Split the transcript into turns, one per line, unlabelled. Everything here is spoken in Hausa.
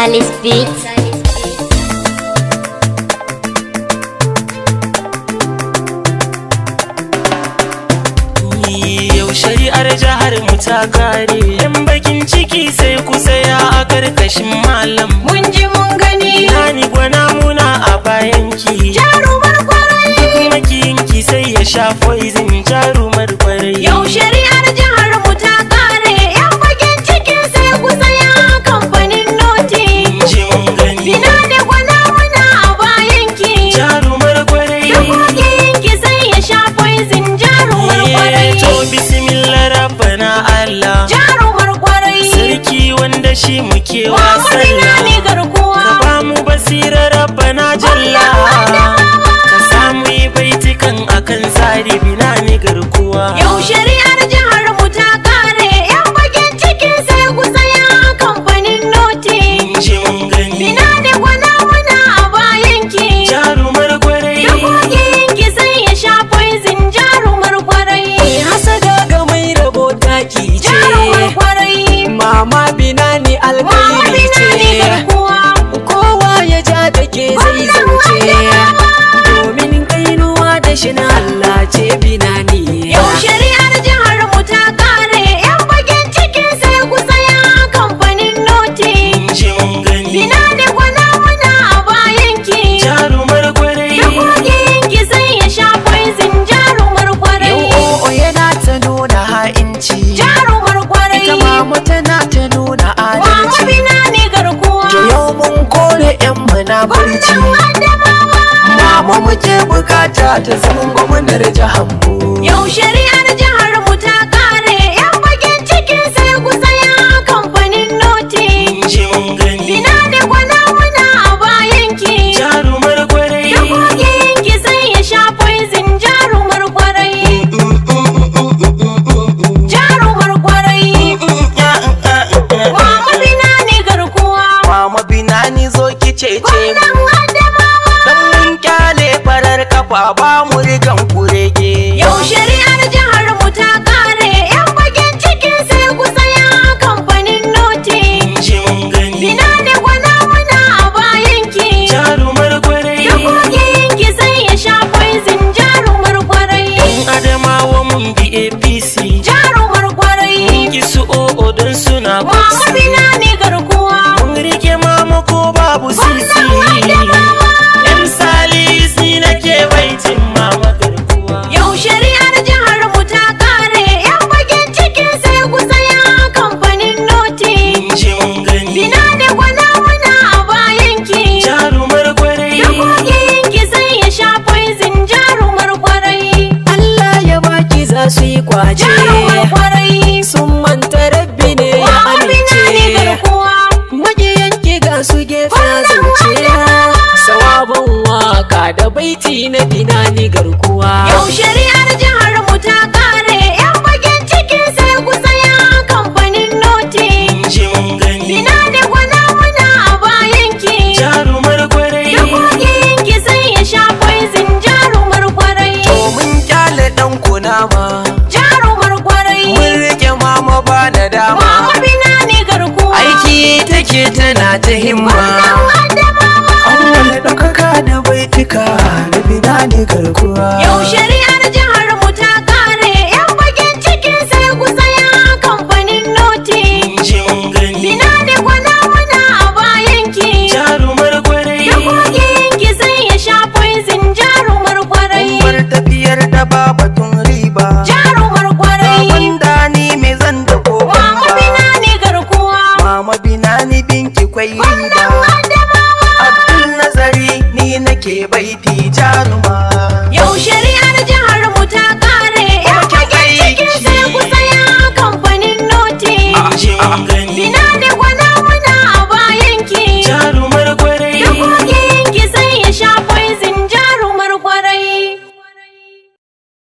González Beats. Yau shari'ar jihar mu ta kare, bakin ciki sai kusa ya a karkashin malam. Mun ji mun gani. ni gwana muna a bayanki. Jarumar kwarai. Duk makiyinki sai ya sha poison. kuwa yaushe
muke bukata ta zama gwamnar jihar mu yau shari'ar jihar mu ta kare yan bakin cikin sai ku saya a kamfanin noti ina ne gwana muna a bayan ki jarumar kwarai da ki sai ya sha poison jarumar kwarai jarumar kwarai mama bina ne garkuwa mama bina ni zo ki ce ce
babu Mamurfina mai garkuwa Mun rike mamu ko babu sisi Yan salisi nake baitin mama garkuwa Yau shari'ar
jihar mu ta kare Yan bakin ciki sai ku tsaya kamfanin noti Jin gani Bina ne gwana mana a bayan ki Jarumar kwarai Da ki sai ya sha poison jarumar kwarai Allah ya baki za su yi kwaje
A da baiti na ni garkuwa yau shari'ar
jihar mu ta kare yan bakin ciki sai kusa ya kamfanin noti ina ne gwana muna a bayan ki jarumar kwarai da kogin ki sai ya sha poison jarumar kwarai to mun kyale dan ma. jarumar kwarai mun rike mama ba na dama mama bina ne garkuwa aiki take tana ta himma garkuwa yau shari'ar jihar mu ta kare yan bakin ciki sai ku tsaya kamfanin noti bina ne gwana mana a bayan ki jarumar kwarai da kogin ki sai ya sha poison jarumar kwarai umar tafiyar da ba batun riba jarumar kwarai wanda ni me zan da ko mama bina garkuwa mama bina ni binki kwai riba Abdul nazari ni nake baiti jaruma Oye